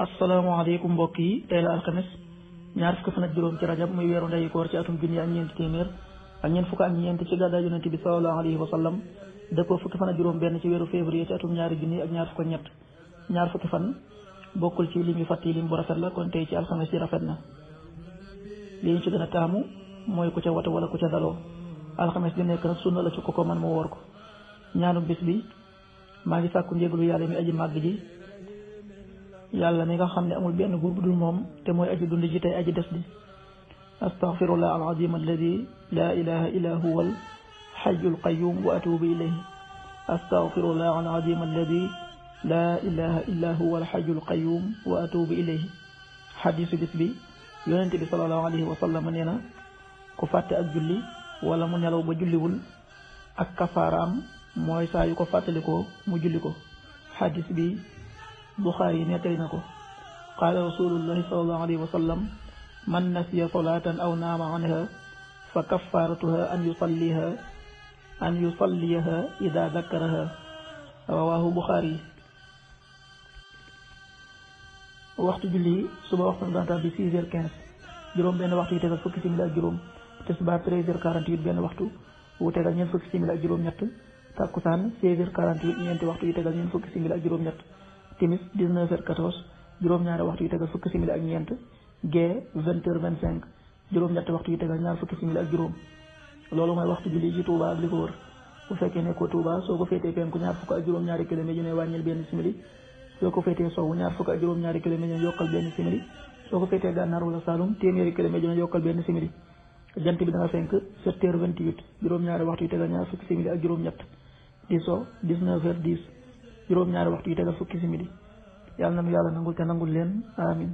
asalaamaaleykum mbokk yi tey la alxames ñaar fukki fan juróom ci rajab muy weeru ndeyu koor ci atum junni ak ñeenti téeméer ak ñeent fukk ak ñeent ci gàddaay yonente bi sallallahu alayhi wa sallam dëppoo fukki fan ak juróom benn ci weeru février ci atum ñaari junni ak ñaar fukk ak ñett ñaar fukki fan bokkul ci lim yu fàtt yi lim bu rafet la kon tey ci alxames yi rafet na li ñu ci gën taamu mooy ku ca wata wala ku ca daloo alxames bi nekk nag sunna la ci ko ko man mu woor ko ñaanu bis bi maa ngi sàkku njéglu yàlla mi aji màgg ji yàlla mi nga xam ne amul benn buur bu dul moom te mooy aji dund ji tey aji des di astaghfirullah alazim alladi la ilaha illa huwa alxayu alqayum wa atubu ilayhi astaghfirullah alazim alladi la ilaha illa huwa alxayu alqayum wa atubu ilayhi xadisu bis bi yonente bi salallahu alayhi wa sallam nee na ku fàtte ak julli wala mu nelaw ba julliwul ak kafaaraam mooy saa yu ko fàttalikoo mu julli ko xadis bi Buxaari nettali na ko qaala rasulullahi sallallahu wa sallam man nasiya salaatan aw naama anha fa kaffaratuha an yusalliha an yusalliha ida dakaraha rawahu Buxaari waxtu julli suba waxtu gantaar bi 6 heures 15 juróom benn waxtu yu tegal fukki simili ak juróom tisbaar 13 heures 48 benn waxtu wu tegal ñeent fukki simili ak juróom ñett takkusaan 16 heures 48 ñeenti waxtu yu tegal ñeent fukki simili ak juróom ñett timis 19h14 juróom-ñaari waxtu yu tegal fukki simili ak ñeent gee 20h25 juróom-ñetti waxtu yu tegal ñaar fukki simili ak juróom ñaari kilomètres yu ne wàññil benn juróom-ñaari waxtu yu tegal ñaar fukki simili ak juróom-ñett di so 19 juróom-ñaari waxtu yi tegal fukki simili yàlla na nu yàlla nangul leen amin